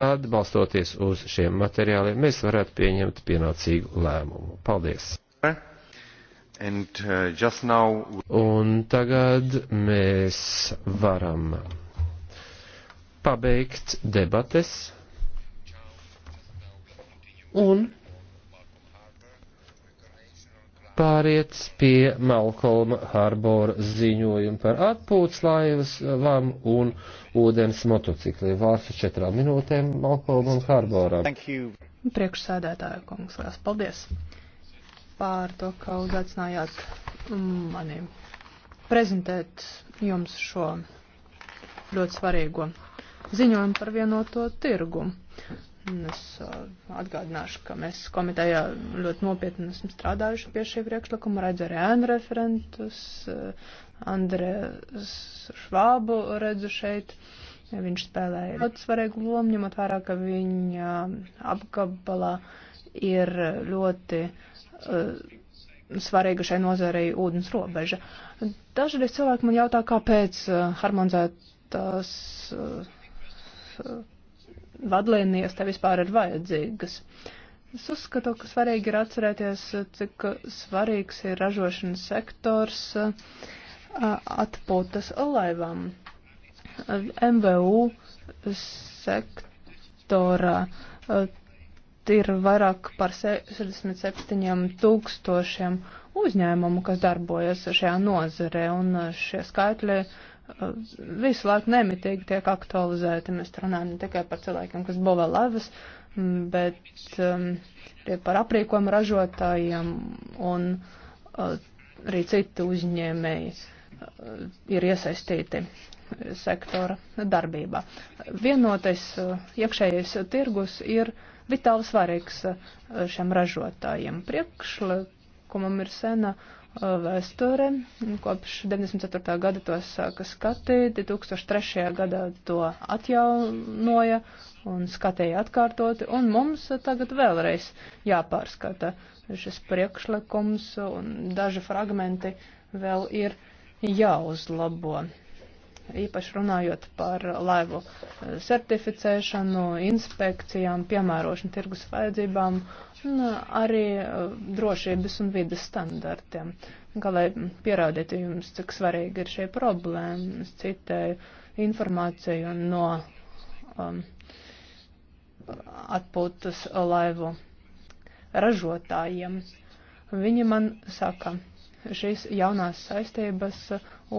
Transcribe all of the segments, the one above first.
atbalstoties uz šiem materiāliem, mēs varētu pieņemt pienācīgu lēmumu. Paldies! And, uh, now... Un tagad mēs varam pabeigt debates un pāriet pie Malkolma Harbora ziņojuma par atpūtas laivām un ūdens motocikliem. Vārds četrām minūtēm Malkolmam Harboram. Priekšsēdētāja kungs, liels paldies pār to, ka uzaicinājāt mani prezentēt jums šo ļoti svarīgo ziņojumu par vienoto tirgu. Es uh, atgādināšu, ka mēs komitejā ļoti nopietni esam strādājuši pie šī priekšlikuma, redzu arī ēnu referentus, uh, Andrēs Švābu redzu šeit. Viņš spēlēja ļoti svarīgu lomu, ņemot vērā, ka viņa uh, apgabalā ir ļoti uh, svarīga šai nozarei ūdens robeža. Dažreiz cilvēki man jautā, kāpēc uh, harmonizētās. Uh, uh, vadlīnijas te vispār ir vajadzīgas. Es uzskatu, ka svarīgi ir atcerēties, cik svarīgs ir ražošanas sektors atpūtas laivām. MVU sektora ir vairāk par 67 tūkstošiem uzņēmumu, kas darbojas šajā nozarē, un šie skaitļi visu laiku nemitīgi tiek aktualizēti. Mēs runājam ne tikai par cilvēkiem, kas bovē lavas, bet um, arī par aprīkojumu ražotājiem un uh, arī citu uzņēmēji uh, ir iesaistīti sektora darbībā. Vienotais uh, iekšējais tirgus ir vitāli svarīgs uh, šiem ražotājiem. Priekšlikumam ir sena uh, vēsture. Kopš 94. gada to sāka skatīt, 2003. gadā to atjaunoja un skatīja atkārtoti, un mums tagad vēlreiz jāpārskata šis priekšlikums, un daži fragmenti vēl ir jāuzlabo. Īpaši runājot par laivu certificēšanu, inspekcijām, piemērošanu tirgus vajadzībām Uh, arī uh, drošības un vidas standartiem. Kā lai pierādītu jums, cik svarīgi ir šie problēma, es citēju informāciju no um, atpūtas laivu ražotājiem. Viņi man saka, šīs jaunās saistības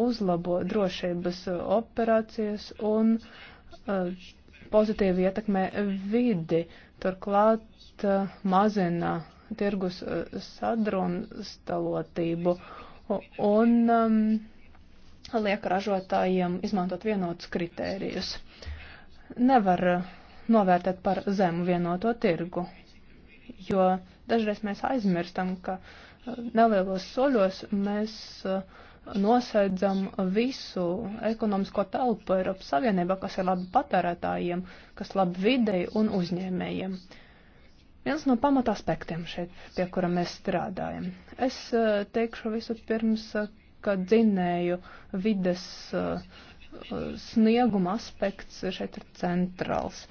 uzlabo drošības operācijas un uh, pozitīvi ietekmē vidi, turklāt eh, mazina tirgus eh, sadrumstalotību un um, liek ražotājiem izmantot vienotus kritērijus. Nevar eh, novērtēt par zemu vienoto tirgu, jo dažreiz mēs aizmirstam, ka nelielos soļos mēs uh, nosēdzam visu ekonomisko telpu Eiropas Savienībā, kas ir labi patērētājiem, kas labi videi un uzņēmējiem. Viens no pamatā aspektiem šeit, pie kura mēs strādājam. Es eh, teikšu visu pirms, eh, ka dzinēju vides eh, snieguma aspekts šeit ir centrāls.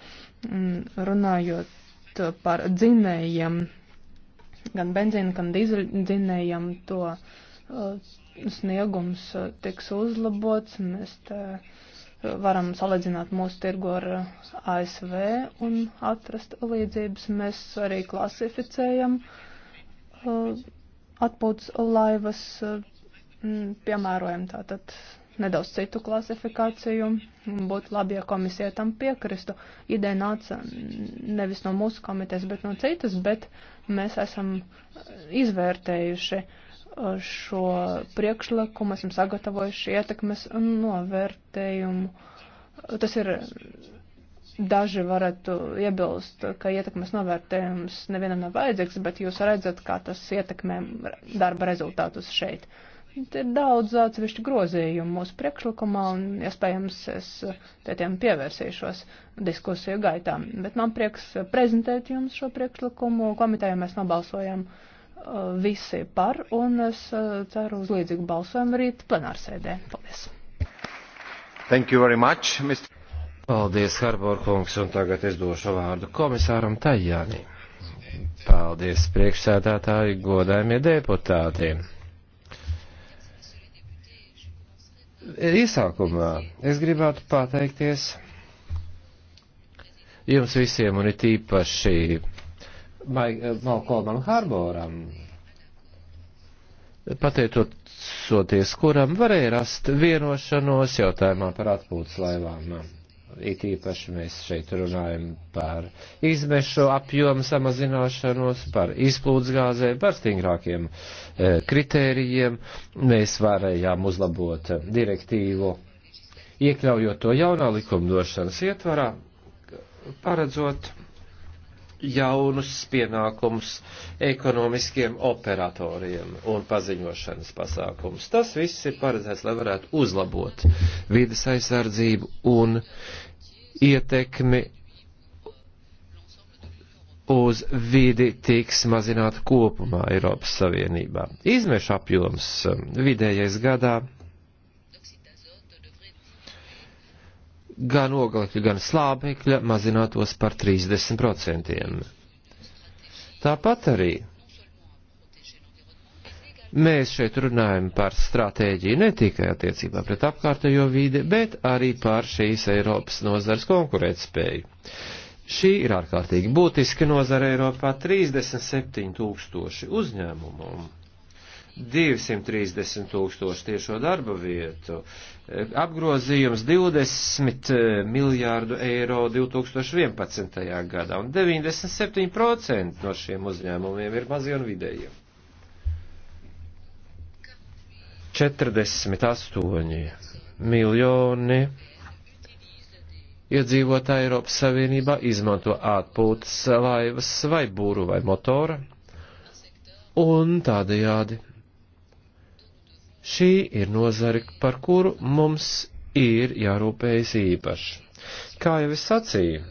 Mm, runājot par dzinējiem, gan benzīnu, gan dīzeļdzinējiem, to uh, Uh, sniegums uh, tiks uzlabots. Mēs te uh, varam salīdzināt mūsu tirgu ar ASV un atrast līdzības. Mēs arī klasificējam atpūtas laivas, piemērojam tātad nedaudz citu klasifikāciju. Būtu labi, ja komisija tam piekristu. Ideja nāca nevis no mūsu komitejas, bet no citas, bet mēs esam izvērtējuši uh, šo priekšlikumu, esam sagatavojuši ietekmes novērtējumu. Tas ir daži varētu iebilst, ka ietekmes novērtējums nevienam nav vajadzīgs, bet jūs redzat, kā tas ietekmē darba rezultātus šeit. Te ir daudz atsevišķu grozījumu mūsu priekšlikumā, un iespējams es pie tiem pievērsīšos diskusiju gaitā. Bet man prieks prezentēt jums šo priekšlikumu. Komitējā mēs nobalsojam. Uh, visi par, un es eh, ceru uz līdzīgu balsojumu arī plenārsēdē. Paldies! Thank you very much, Mr. Paldies, Harbor kungs, un tagad es došu vārdu komisāram Tajānī. Paldies, priekšsēdētāji, godājumie deputāti. Iesākumā es gribētu pateikties jums visiem un it īpaši Eh, Malkolmam Harboram, pateicoties kuram varēja rast vienošanos jautājumā par atpūtas laivām. It īpaši mēs šeit runājam par izmešu apjomu samazināšanos, par izplūdes gāzē, par stingrākiem e, kritērijiem. Mēs varējām uzlabot direktīvu, iekļaujot to jaunā likumdošanas ietvarā, paredzot jaunus pienākumus ekonomiskiem operatoriem un paziņošanas pasākumus. Tas viss ir paredzēts, lai varētu uzlabot vides aizsardzību un ietekmi uz vidi tiks mazināta kopumā Eiropas Savienībā. Izmešu apjoms um, vidējais gadā gan oglekļa, gan slāpekļa mazinātos par 30%. Tāpat arī mēs šeit runājam par stratēģiju ne tikai attiecībā pret apkārtējo vīdi, bet arī par šīs Eiropas nozares konkurētspēju. Šī ir ārkārtīgi būtiska nozara Eiropā - 37 tūkstoši uzņēmumu 230 tūkstoši tiešo darba vietu, e, apgrozījums 20 e, miljārdu eiro 2011. gadā, un 97% no šiem uzņēmumiem ir mazie un vidējie. 48 miljoni iedzīvotāji Eiropas Savienībā izmanto atpūtas laivas vai būru vai motora, un tādējādi Šī ir nozare, par kuru mums ir jārūpējas īpaši. Kā jau es sacīju,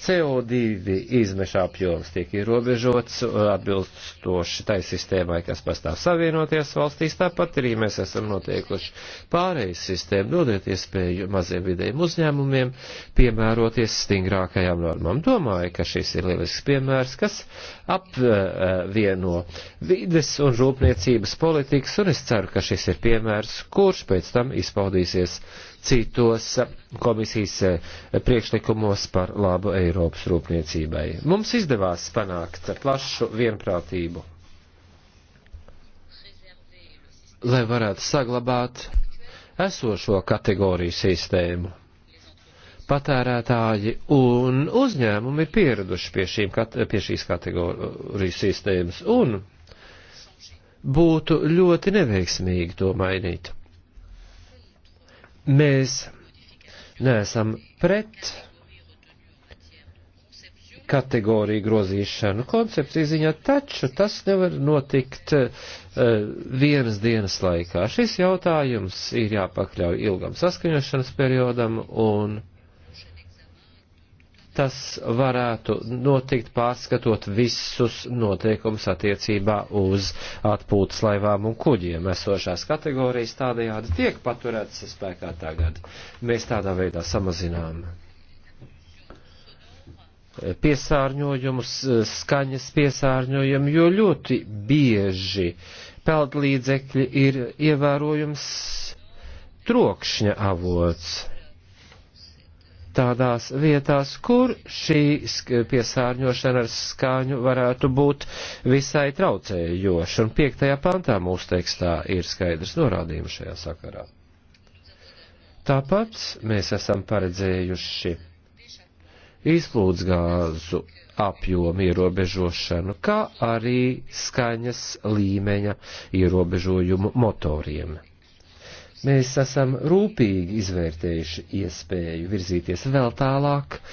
CO2 izmeša apjoms tiek ierobežots uh, atbilstoši tai sistēmai, kas pastāv savienoties valstīs. Tāpat arī mēs esam noteikuši pārējais sistēmu, dodot iespēju maziem vidējiem uzņēmumiem piemēroties stingrākajām normām. Domāju, ka šis ir lielisks piemērs, kas apvieno vides un rūpniecības politikas, un es ceru, ka šis ir piemērs, kurš pēc tam izpaudīsies citos komisijas eh, priekšlikumos par labu Eiropas rūpniecībai. Mums izdevās panākt plašu vienprātību, lai varētu saglabāt esošo kategoriju sistēmu. Patērētāji un uzņēmumi ir pieraduši pie, šīm, pie šīs kategorijas sistēmas un būtu ļoti neveiksmīgi to mainīt. Mēs neesam pret kategoriju grozīšanu koncepciju ziņā, taču tas nevar notikt uh, vienas dienas laikā. Šis jautājums ir jāpakļauj ilgam saskaņošanas periodam un tas varētu notikt pārskatot visus noteikumus attiecībā uz atpūtas laivām un kuģiem. Esošās kategorijas tādējādi tiek paturētas spēkā tagad. Mēs tādā veidā samazinām piesārņojumus, skaņas piesārņojumu, jo ļoti bieži peldlīdzekļi ir ievērojums trokšņa avots tādās vietās, kur šī piesārņošana ar skaņu varētu būt visai traucējoša. Un piektajā pantā mūsu tekstā ir skaidrs norādījums šajā sakarā. Tāpat mēs esam paredzējuši izlūdzgāzu apjomu ierobežošanu, kā arī skaņas līmeņa ierobežojumu motoriem. Mēs esam rūpīgi izvērtējuši iespēju virzīties vēl tālāk eh,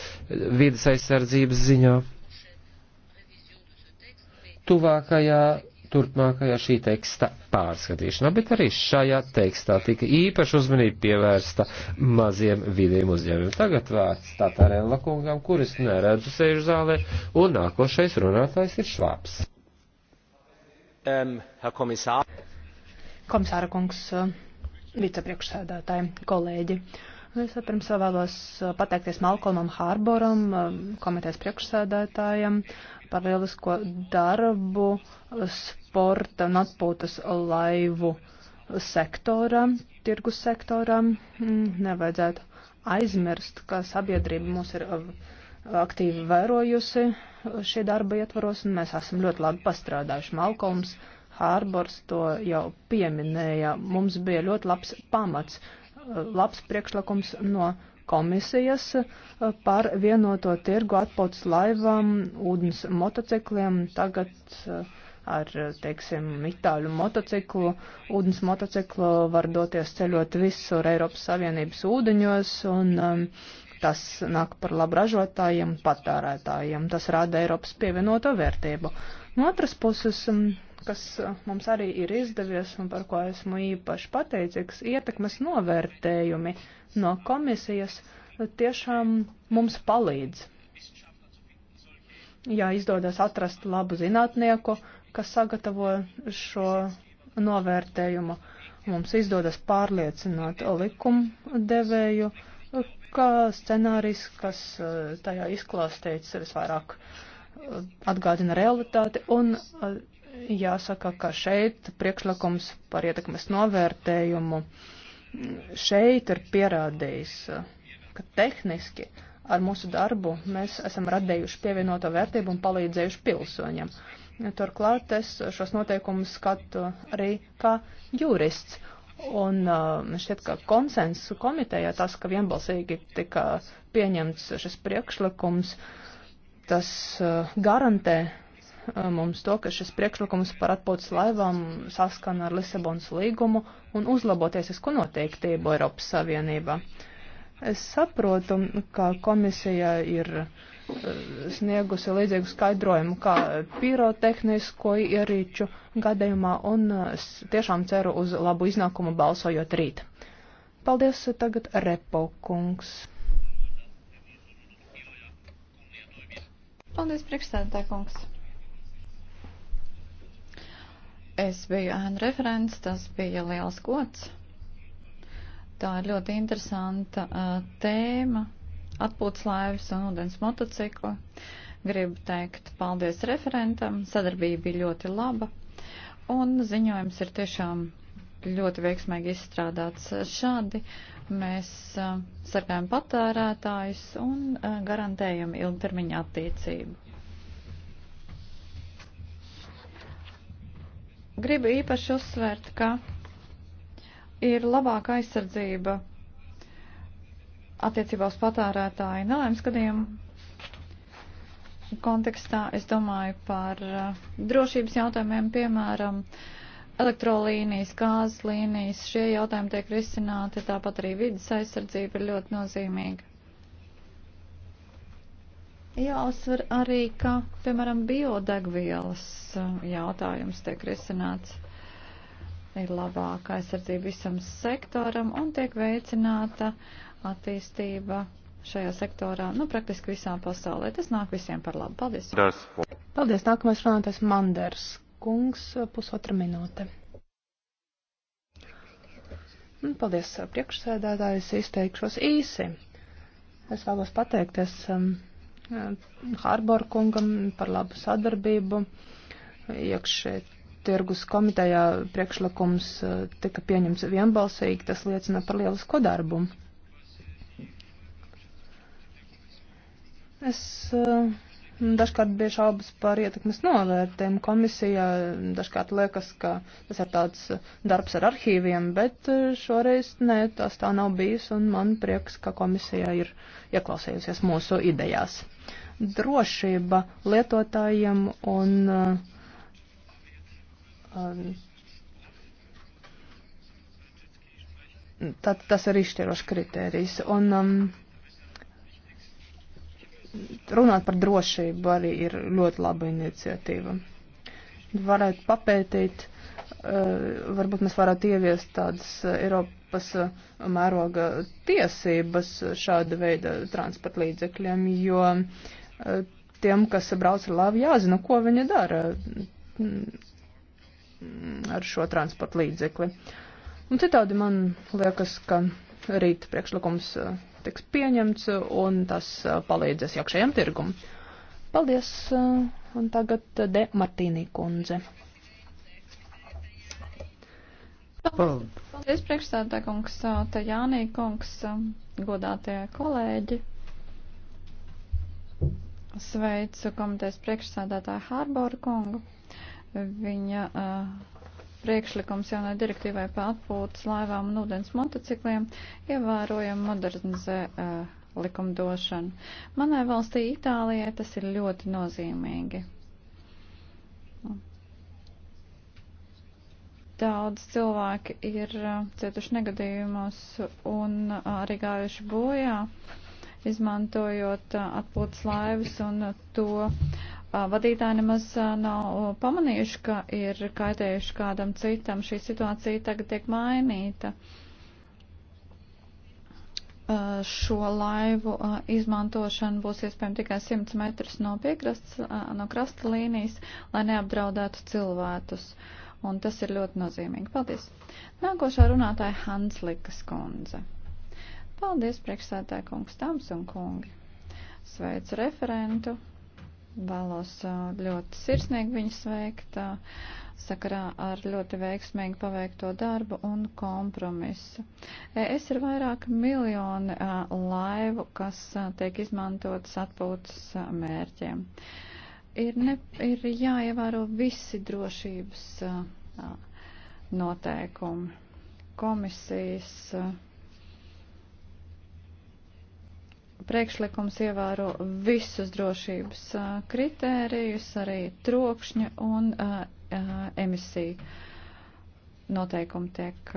vidas aizsardzības ziņā. Tuvākajā turpmākajā šī teksta pārskatīšanā, bet arī šajā tekstā tika īpaši uzmanība pievērsta maziem vidiem uzņēmumiem. Tagad vārds Tatarēla kungam, kuris neredzu sēžu zālē, un nākošais runātājs ir Švāps. Um, komisāra. komisāra kungs, vicepriekšsēdētāji, kolēģi. Es pirms vēlos pateikties Malkolmam Hārboram, komitejas priekšsēdētājam, par lielisko darbu sporta un atpūtas laivu sektorā, tirgus sektorā. Nevajadzētu aizmirst, ka sabiedrība mūs ir aktīvi vērojusi šī darba ietvaros, un mēs esam ļoti labi pastrādājuši. Malkolms Hārbors to jau pieminēja. Mums bija ļoti labs pamats, labs priekšlikums no komisijas uh, par vienoto tirgu atpauc laivām, ūdens motocikliem. Tagad uh, ar, teiksim, itāļu motociklu, ūdens motociklu var doties ceļot visur Eiropas Savienības ūdeņos. Un, um, Tas nāk par labu ražotājiem, patērētājiem. Tas rada Eiropas pievienoto vērtību. No otras puses, um, kas uh, mums arī ir izdevies un par ko esmu īpaši pateicīgs, ietekmes novērtējumi no komisijas tiešām mums palīdz. Jā, izdodas atrast labu zinātnieku, kas sagatavo šo novērtējumu. Mums izdodas pārliecināt likumdevēju, ka scenārijs, kas uh, tajā izklāstīts, visvairāk uh, atgādina realitāti un jāsaka, ka šeit priekšlikums par ietekmes novērtējumu šeit ir pierādījis, ka tehniski ar mūsu darbu mēs esam radējuši pievienoto vērtību un palīdzējuši pilsoņiem. Turklāt es šos noteikumus skatu arī kā jurists. Un uh, šķiet, ka konsensus komitejā tas, ka vienbalsīgi tika pieņemts šis priekšlikums, tas uh, garantē Uh, mums to, ka šis priekšlikums par atpūtas laivām saskana ar Lisabonas līgumu un uzlabo tiesisko noteiktību Eiropas Savienībā. Es saprotu, ka komisija ir uh, sniegusi līdzīgu skaidrojumu kā pirotehnisko ierīču gadījumā un uh, tiešām ceru uz labu iznākumu balsojot rīt. Paldies tagad Repo kungs. Paldies priekšstādātā kungs. Es biju ēnu referents, tas bija liels gods. Tā ir ļoti interesanta uh, tēma - atpūtslaivas un ūdens motocikli. Gribu teikt paldies referentam, sadarbība bija ļoti laba un ziņojums ir tiešām ļoti veiksmīgi izstrādāts. Šādi mēs uh, sargājam patērētājus un uh, garantējam ilgtermiņa attīcību. Gribu īpaši uzsvērt, ka ir labāka aizsardzība attiecībā uz patērētāju nelēmas gadījumu kontekstā. Es domāju par uh, drošības jautājumiem, piemēram, elektrolīnijas, gāzes līnijas. Šie jautājumi tiek risināti, tāpat arī vidas aizsardzība ir ļoti nozīmīga. Jāuzsver arī, ka, piemēram, biodegvielas um, jautājums tiek risināts. Ir labāka aizsardzība visam sektoram un tiek veicināta attīstība šajā sektorā, nu, praktiski visām pasaulē. Tas nāk visiem par labu. Paldies. Das. Paldies. Nākamais runātais Manders. Kungs, pusotra minūte. Paldies, priekšsēdētājs, izteikšos īsi. Es vēlos pateikties. Um, Hārbor eh, kungam par labu sadarbību. Iekšē tirgus komitejā priekšlikums eh, tika pieņemts vienbalsīgi, tas liecina par lielisko darbu. Es eh, dažkārt biju šaubas par ietekmes novērtējumu komisijā, dažkārt liekas, ka tas ir tāds darbs ar arhīviem, bet šoreiz nē, tas tā nav bijis, un man prieks, ka komisijā ir ieklausījusies mūsu idejās drošība lietotājiem un um, tad tas ir izšķirošs kritērijs. Un um, runāt par drošību arī ir ļoti laba iniciatīva. Varētu papētīt, uh, varbūt mēs varētu ieviest tādas uh, Eiropas uh, mēroga tiesības šāda veida transporta līdzekļiem, jo uh, tiem, kas brauc ar lāvu, jāzina, ko viņi dara mm, ar šo transporta līdzekli. Un citādi man liekas, ka rīt priekšlikums eh, tiks pieņemts un tas eh, palīdzēs iekšējiem tirgum. Paldies! Eh, un tagad De Martīnī kundze. Paldies, priekšsēdētā kungs, Tajānī kungs, godātie kolēģi. Sveicu komitejas priekšsādātāju Hārboru kungu. Viņa uh, priekšlikums jaunai direktīvai par atpūtas laivām un ūdens motocikliem ievērojami modernizē uh, likumdošanu. Manai valstī Itālijai tas ir ļoti nozīmīgi. Daudz cilvēki ir uh, cietuši negadījumos un uh, arī gājuši bojā. Uh, izmantojot atpūtas laivas un to vadītāji nemaz nav pamanījuši, ka ir kaitējuši kādam citam. Šī situācija tagad tiek mainīta. Šo laivu izmantošana būs iespējama tikai 100 metrus no piekrasts, no krasta līnijas, lai neapdraudētu cilvēkus. Un tas ir ļoti nozīmīgi. Paldies! Nākošā runātāja Hanslikas kundze. Paldies, priekšsētā kungs Tams un kungi. Sveicu referentu. Vēlos ļoti sirsnīgi viņu sveikt sakarā ar ļoti veiksmīgi paveikto darbu un kompromisu. Es ir vairāk miljoni laivu, kas tiek izmantotas atpūtas mērķiem. Ir, ne, ir jāievēro visi drošības noteikumi. Komisijas priekšlikums ievēro visus drošības kritērijus, arī trokšņa un emisiju noteikumi tiek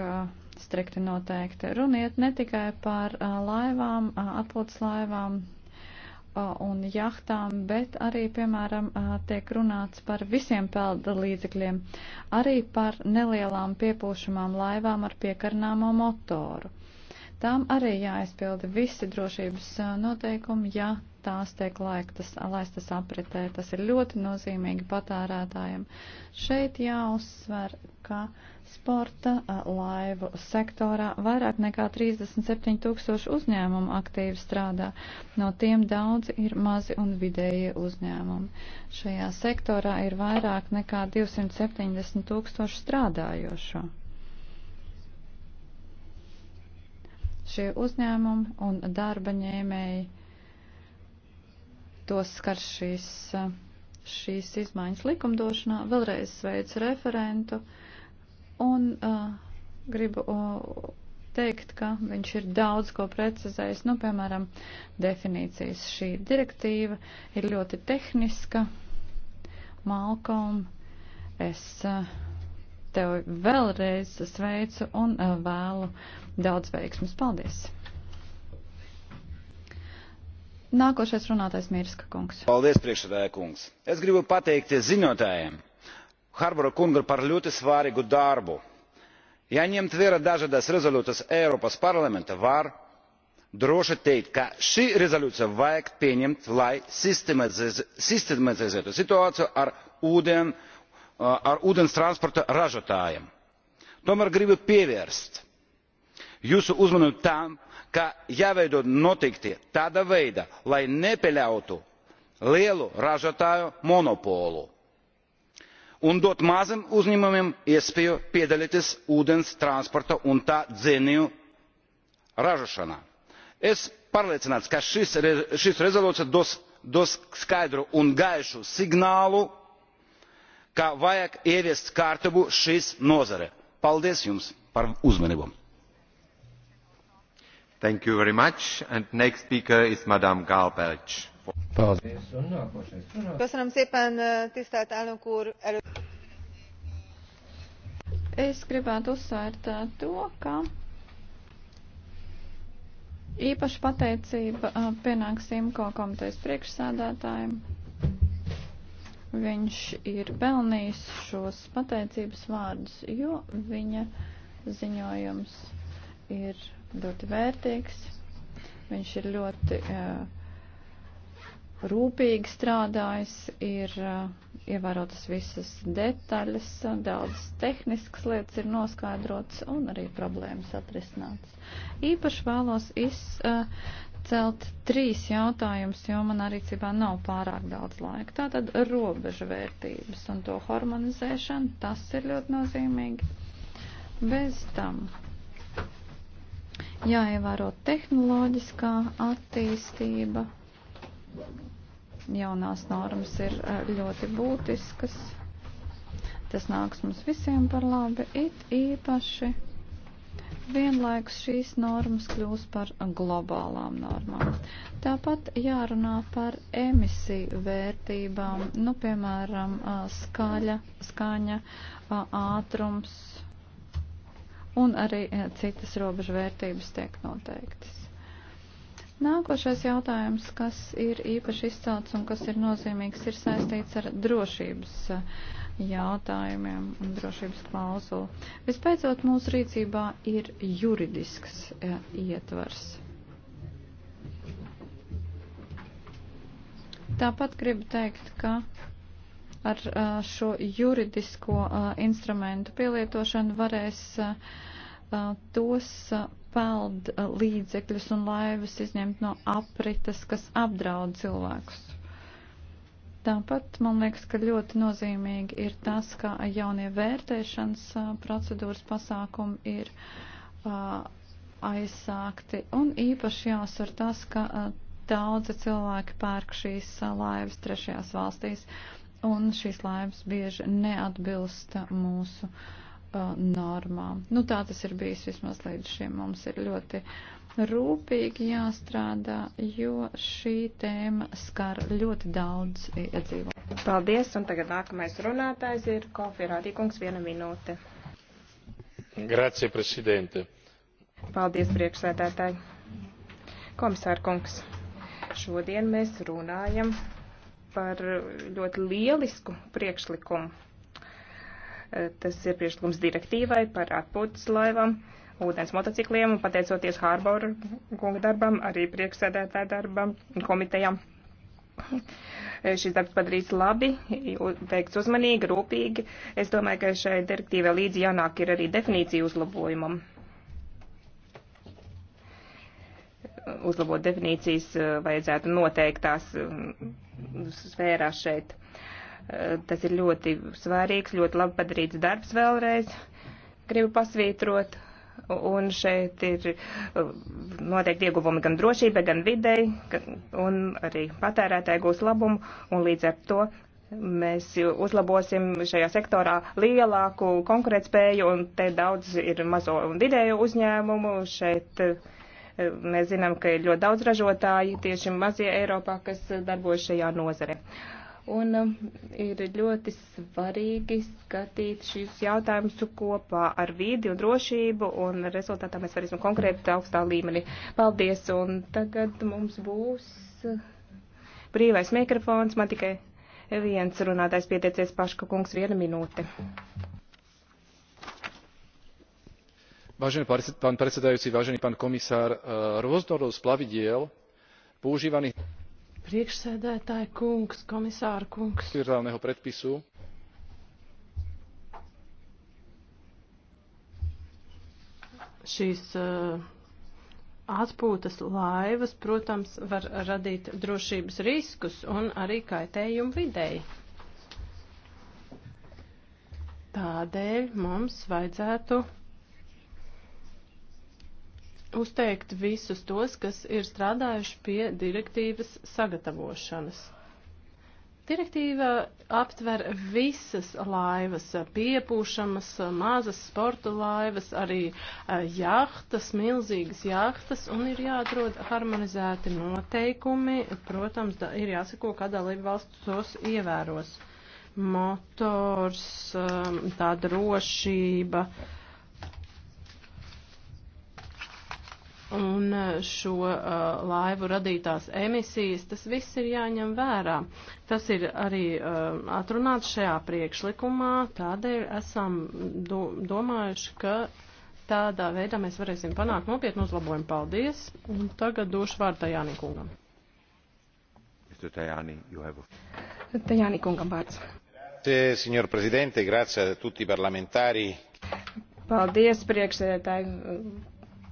strikti noteikti. Runiet ne tikai par laivām, atpūtas laivām un jahtām, bet arī, piemēram, tiek runāts par visiem pelda līdzekļiem, arī par nelielām piepūšamām laivām ar piekarnāmo motoru. Tām arī jāaizpilda visi drošības noteikumi, ja tās tiek laiktas, laistas apritē. Tas ir ļoti nozīmīgi patērētājiem. Šeit jāuzsver, ka sporta laivu sektorā vairāk nekā 37 tūkstoši uzņēmumu aktīvi strādā. No tiem daudzi ir mazi un vidējie uzņēmumi. Šajā sektorā ir vairāk nekā 270 tūkstoši strādājošo. Šie uzņēmumi un darba ņēmēji tos skar šīs, šīs izmaiņas likumdošanā. Vēlreiz sveicu referentu un uh, gribu uh, teikt, ka viņš ir daudz ko precizējis. Nu, piemēram, definīcijas šī direktīva ir ļoti tehniska. Malcolm, es uh, tevi vēlreiz sveicu un uh, vēlu daudz veiksmus. Paldies! Nākošais runātais Mirska kungs. Paldies, priekšsēdētāja kungs. Es gribu pateikties ziņotājiem Harbora kunga par ļoti svārīgu darbu. Ja ņemt vērā dažādas rezolūcijas Eiropas parlamenta, var droši teikt, ka šī rezolūcija vajag pieņemt, lai sistematiz sistematizētu situāciju ar, ūden, ar ūdens transporta ražotājiem. Tomēr gribu pievērst jūsu uzmanību tam ka jāveido noteikti tāda veida lai nepieļautu lielu ražotāju monopolu un dot maziem uzņēmumiem iespēju piedalīties ūdens transporta un tā dzinēju ražošanā. es pārliecināts ka šis, šī rezolūcija dos, dos skaidru un gaišu signālu ka vajag ieviest kārtību šīs nozarē. paldies jums par uzmanību! Thank you very much. And next speaker is Madame Galpelch. Paldies. Köszönöm szépen, eh, tisztelt elnök úr! Elő... Es gribētu uzsvērt eh, to, ka īpaši pateicība eh, pienāks Simko komitejas priekšsādātājiem. Viņš ir pelnījis šos pateicības vārdus, jo viņa ziņojums ir ļoti vērtīgs. Viņš ir ļoti uh, rūpīgi strādājis, ir uh, ievērotas visas detaļas, daudzas tehniskas lietas ir noskaidrotas un arī problēmas atrisinātas. Īpaši vēlos izcelt eh, uh, trīs jautājumus, jo man arī cībā nav pārāk daudz laika. Tātad robeža vērtības un to harmonizēšana, tas ir ļoti nozīmīgi. Bez tam Jāievēro tehnoloģiskā attīstība. Jaunās normas ir eh, ļoti būtiskas. Tas nāks mums visiem par labi, it īpaši vienlaikus šīs normas kļūs par globālām normām. Tāpat jārunā par emisiju vērtībām, nu, piemēram, skaļa, skaņa, ātrums, un arī e, citas robežvērtības tiek noteiktas. Nākošais jautājums, kas ir īpaši izcelts un kas ir nozīmīgs, ir saistīts ar drošības e, jautājumiem un drošības klauzulu. Vispēcot, mūsu rīcībā ir juridisks e, ietvars. Tāpat gribu teikt, ka ar šo juridisko instrumentu pielietošanu varēs tos peld līdzekļus un laivas izņemt no aprites, kas apdraud cilvēkus. Tāpat man liekas, ka ļoti nozīmīgi ir tas, ka jaunie vērtēšanas procedūras pasākumi ir aizsākti. Un īpaši jāsver tas, ka daudzi cilvēki pērk šīs laivas trešajās valstīs. Uh, un šīs laivas bieži neatbilsta mūsu uh, normām. Nu, tā tas ir bijis vismaz līdz šim. Mums ir ļoti rūpīgi jāstrādā, jo šī tēma skar ļoti daudz iedzīvotāju. Paldies, un tagad nākamais runātājs ir Kofirādi kungs viena minūte. Grazie, prezidente. Paldies, priekšsēdētāji. Komisār kungs, šodien mēs runājam par ļoti lielisku priekšlikumu. Eh, tas ir priekšlikums direktīvai par atpūtas laivām, ūdens motocikliem un pateicoties Hārbaura kunga darbam, arī priekšsēdētāja darbam, komitejām. Eh, šis darbs padarīts labi, veikts uzmanīgi, rūpīgi. Es domāju, ka šai direktīvai līdzi jānāk ir arī definīcija uzlabojumam. Eh, uzlabot definīcijas vajadzētu noteiktās mm, sfērā šeit. Eh, tas ir ļoti svarīgs, ļoti labi padarīts darbs vēlreiz. Gribu pasvītrot. Un šeit ir eh, noteikti ieguvumi gan drošībai, gan videi, un arī patērētāji gūs labumu, un līdz ar to mēs uzlabosim šajā sektorā lielāku konkurētspēju, un te daudz ir mazo un vidēju uzņēmumu. Šeit uh, Mēs zinām, ka ir ļoti daudz ražotāji, tieši mazie Eiropā, kas darbojas šajā nozare. Un um, ir ļoti svarīgi skatīt šīs jautājumus kopā ar vidi un drošību, un rezultātā mēs varēsim konkrēti augstā līmenī. Paldies, un tagad mums būs brīvais mikrofons. Man tikai viens runātājs pieteicies paška kungs viena minūte vážený pán predsedajúci vážený pán komisár eh, rôznorodosť plavidiel používaných na environmentálneho predpisu šīs eh, atpūtas laivas, protams, var radīt drošības riskus un arī kaitējumu videi. Tādēļ mums vajadzētu uzteikt visus tos, kas ir strādājuši pie direktīvas sagatavošanas. Direktīva aptver visas laivas, piepūšamas, mazas sporta laivas, arī eh, jahtas, milzīgas jahtas, un ir jāatrod harmonizēti noteikumi. Protams, da, ir jāsako, kā dalība valsts tos ievēros. Motors, eh, tā drošība. Uh, un e, šo uh, laivu radītās emisijas, tas viss ir jāņem vērā. Tas ir arī uh, atrunāts šajā priekšlikumā, tādēļ esam do domājuši, ka tādā veidā mēs varēsim panākt nopietnu uzlabojumu. Paldies! Un tagad došu vārdu Tajānī kungam. Tajānī, a... Tajānī kungam vārds. Signor Presidente, grazie a tutti i parlamentari. Paldies, priekšsēdētāji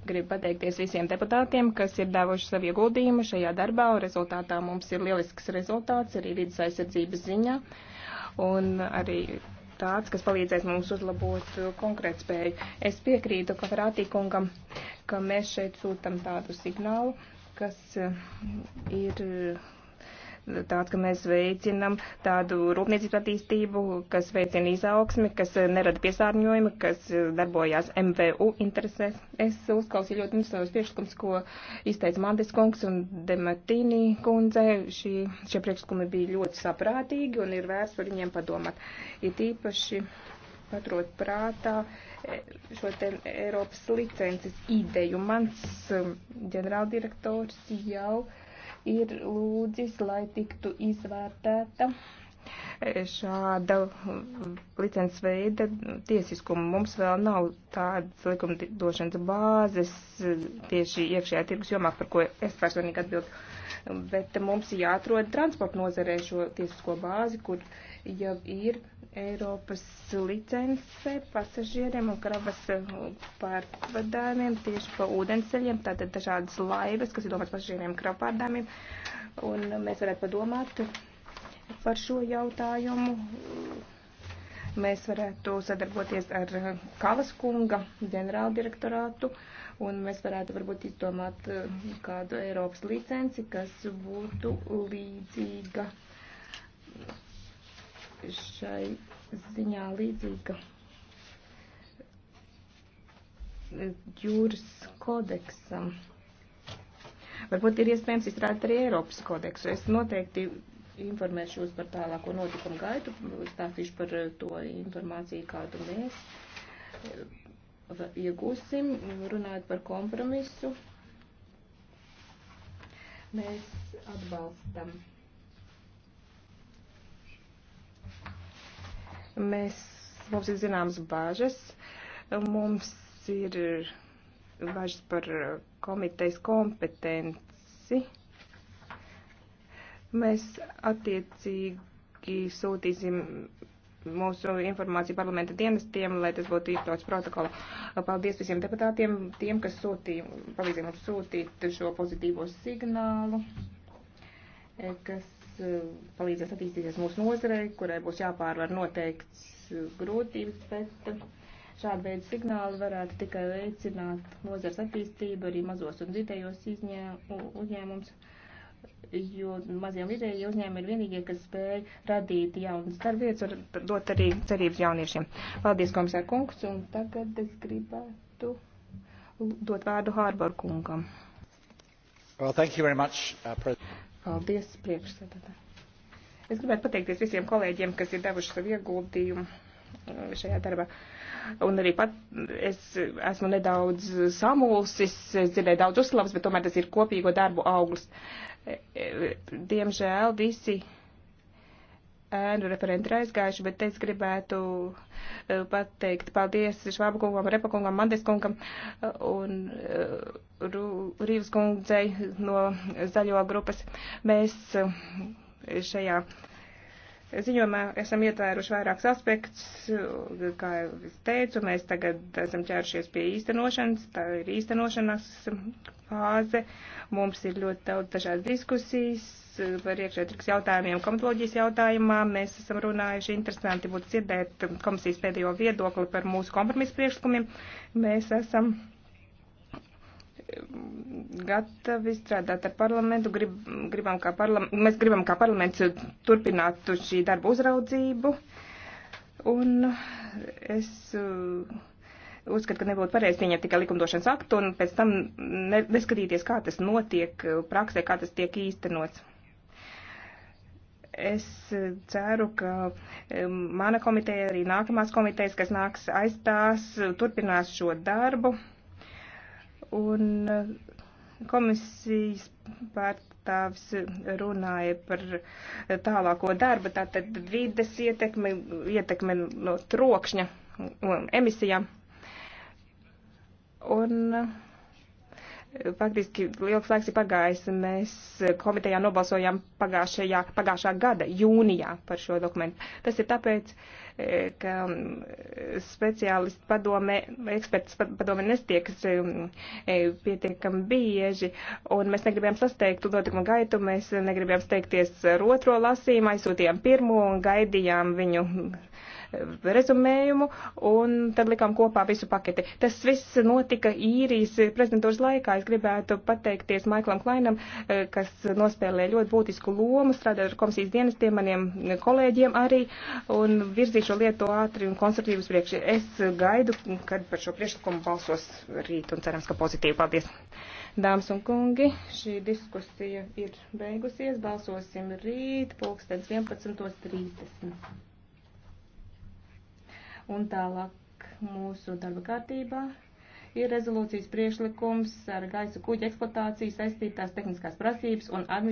Gribu pateikties visiem deputātiem, kas ir devuši savu ieguldījumu šajā darbā, un rezultātā mums ir lielisks rezultāts arī vidas aizsardzības ziņā, un arī tāds, kas palīdzēs mums uzlabot konkrētu spēju. Es piekrītu Kafarātī kungam, ka mēs šeit sūtam tādu signālu, kas ir tāds, ka mēs veicinam tādu rūpniecības attīstību, kas veicina izaugsmi, kas nerada piesārņojumu, kas darbojās MVU interesēs. Es uzklausīju ļoti interesantus priekšlikumus, ko izteica Mandis kungs un Dematīnī kundze. Šī, šie priekšlikumi bija ļoti saprātīgi un ir vērts par viņiem padomāt. Ir īpaši paturot prātā e, šo te Eiropas licences ideju. Mans um, ģenerāldirektors jau. Uh, ir lūdzis, lai tiktu izvērtēta šāda licences veida tiesiskuma. Mums vēl nav tādas likumdošanas bāzes tieši iekšējā tirgus jomā, par ko es personīgi atbildu. Bet mums jāatrod transporta nozarē šo tiesisko bāzi, kur uh, jau ir Eiropas licence pasažieriem un kravas eh, pārvadājumiem tieši pa ūdenceļiem, tātad dažādas laivas, kas ir domāts pasažieriem kravpārdājumiem. Un mēs varētu padomāt par šo jautājumu. Mēs varētu sadarboties ar eh, Kalas kunga ģenerāldirektorātu un mēs varētu varbūt izdomāt eh, kādu Eiropas licenci, kas būtu līdzīga šai ziņā līdzīga jūras kodeksam. Varbūt ir iespējams izstrādāt arī Eiropas kodeksu. Es noteikti informēšu jūs par tālāko notikumu gaitu, stāstīšu par eh, to informāciju, kādu mēs eh, iegūsim, runājot par kompromisu. Mēs atbalstam. Mēs, mums ir zināmas bāžas, mums ir bažas par komitejas kompetenci. Mēs attiecīgi sūtīsim mūsu informāciju parlamenta dienestiem, lai tas būtu iekļauts protokola. Paldies visiem deputātiem, tiem, kas sūtīja, palīdzēja mums sūtīt šo pozitīvo signālu, kas Eh, palīdzēs attīstīties mūsu nozarei, kurai būs jāpārvar noteikts eh, grūtības, bet eh, šāda veida signāli varētu tikai veicināt nozars attīstību, arī mazos un vidējos uzņēmums, jo maziem vidējie uzņēmumi ir vienīgie, kas spēj radīt jaunas darbvietas un dot arī cerības jauniešiem. Paldies, komisār kungs, un tagad es gribētu dot vārdu Hārbar kungam. Well, thank you very much, uh, President. Paldies, priekšsēdētāji. Es gribētu pateikties visiem kolēģiem, kas ir devuši savu ieguldījumu eh, šajā darbā. Un arī pat es esmu nedaudz samulsis, es dzirdēju daudz uzslavas, bet tomēr tas ir kopīgo darbu augsts. Eh, eh, diemžēl visi ēnu referenti ir aizgājuši, bet es gribētu eh, pateikt paldies Švāba kungam, Repa kungam, Mandes kungam eh, un eh, Rīvas kundzei no zaļo grupas. Mēs šajā ziņojumā esam ietvēruši vairākus aspektus, kā jau es teicu, mēs tagad esam ķērušies pie īstenošanas, tā ir īstenošanas fāze, mums ir ļoti daudz dažādas diskusijas, par iekšē tirgus jautājumiem, komitoloģijas jautājumā. Mēs esam runājuši, interesanti būtu dzirdēt komisijas pēdējo viedokli par mūsu kompromisu priekšlikumiem. Mēs esam gatavi strādāt ar parlamentu, grib, gribam kā parlam, mēs gribam kā parlaments turpināt šī darba uzraudzību. Un es uh, uzskatu, ka nebūtu pareizi pieņemt tikai likumdošanas aktu un pēc tam neskatīties, kā tas notiek uh, praksē, kā tas tiek īstenots es eh, ceru, ka eh, mana komiteja, arī nākamās komitejas, kas nāks aiz tās, eh, turpinās šo darbu. Un komisijas pārstāvis runāja par tālāko darbu, tātad vides ietekmi, ietekmi no trokšņa emisijām. Un, uh, Faktiski ilgs laiks ir pagājis. Mēs komitejā nobalsojām pagājušajā, pagājušā gada jūnijā par šo dokumentu. Tas ir tāpēc, e, ka um, speciālisti padome, eksperts padome nestiekas um, e, pietiekami bieži, un mēs negribējām sasteigt notikumu gaitu, mēs negribējām steigties ar otro lasījumu, aizsūtījām pirmo un gaidījām viņu rezumējumu un tad likām kopā visu paketi. Tas viss notika īrijas prezidentūras laikā. Es gribētu pateikties Maiklam Klainam, eh, kas nospēlē ļoti būtisku lomu, strādājot ar komisijas dienestiem, maniem kolēģiem arī, un virzīšu lietu ātri un konstruktīvas priekš. Es gaidu, kad par šo priekšlikumu balsos rīt un cerams, ka pozitīvi. Paldies! Dāmas un kungi, šī diskusija ir beigusies. Balsosim rīt, pulkstens 11.30. Un tālāk mūsu darba kārtībā ir rezolūcijas priešlikums ar gaisa kuģa eksploatāciju saistītās tehniskās prasības un administrācijas.